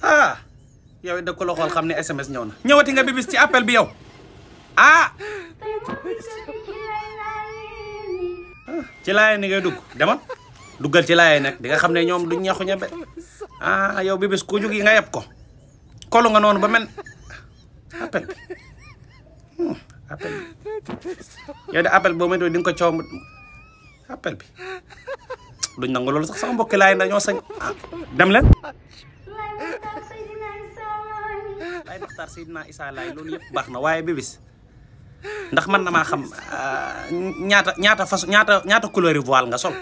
ah yow it da ko xam ne SMS ñëw na ñëwati nga bibis ci appel bi yow ah. ah ci laay ni dugg demal duggal ci laay nag di nga xam ne ñoom du ñaxu ñebe ah yow bibis ku jug nga yeb ko kolu nga noonu ba mel appel bi hmm, appel bi boo may doon di nga ko coow appel bi. duñ nangu loolu sax sama mbokki laay na ñoo sañ dem leen laay maxtaar Seydina Issa laay baax na waaye bébis ndax man damaa xam ah, ñaata ñaata façon ñaata ñaata couleur yi voile nga sol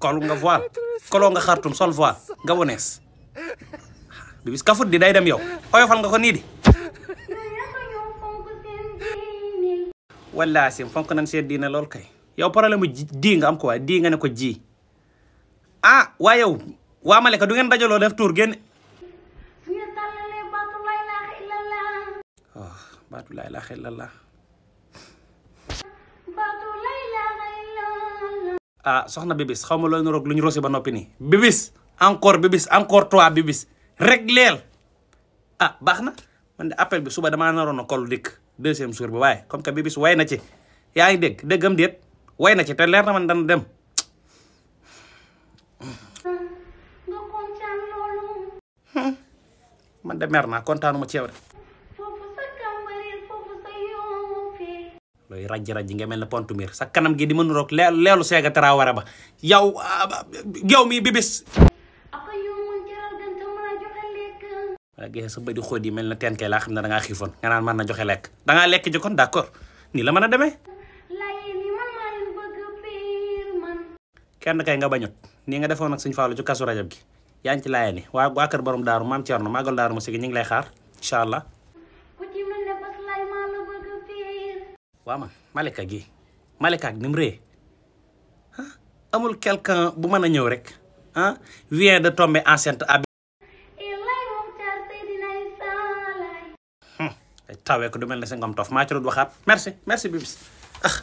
kol nga voile koloo xartum sol voile nga wonees bébis kafut di day dem yow oyofal nga ko nii di wallaahi fonk nañ seet diine lool kay yow problème mu dii nga am ko waaye di nga ne ko ji ah waa yow waa Malika du ngeen dajaloo def tour génn oh baatu laa ilaaha illallah ah soxna bibis xaw ma looy nuroog lu ñu rosi ba noppi nii bibis encore bibis encore toi bibis rek leel ah baax na man de appel bi suba damaa naroon a kol dikk deuxième jour bi waaye comme que bibis way na ci yaa ngi dégg déggam déet way na ci te leer na man dana dem man de mer naa kontaanuma ci yow de looy rajji-rajji nga mel ne pontu miir sa kanam gi di mënu roog leelu leelu seega wara ba yow yow mii bibis waaye gisee sa bëdi xóot mel na teen kay laa xam ne dangaa xiifoon nga naan mën na joxe lekk dangaa lekk ji kon d'accord nii la mën a demee kenn kay nga bañut nii nga defoon ak sëñ Fallou ci a rajab gi yaa ngi waa waa kër borom daaru maam Thierno màggal daaru Moussa gi waa man Malika gi Malika ak ni ah, amul quelqu'un bu mën a ñëw rek ah de tomber enceinte ab hmm, tawee ko du mel ne sa ngom toof maa ci waxaat merci merci bibis ah.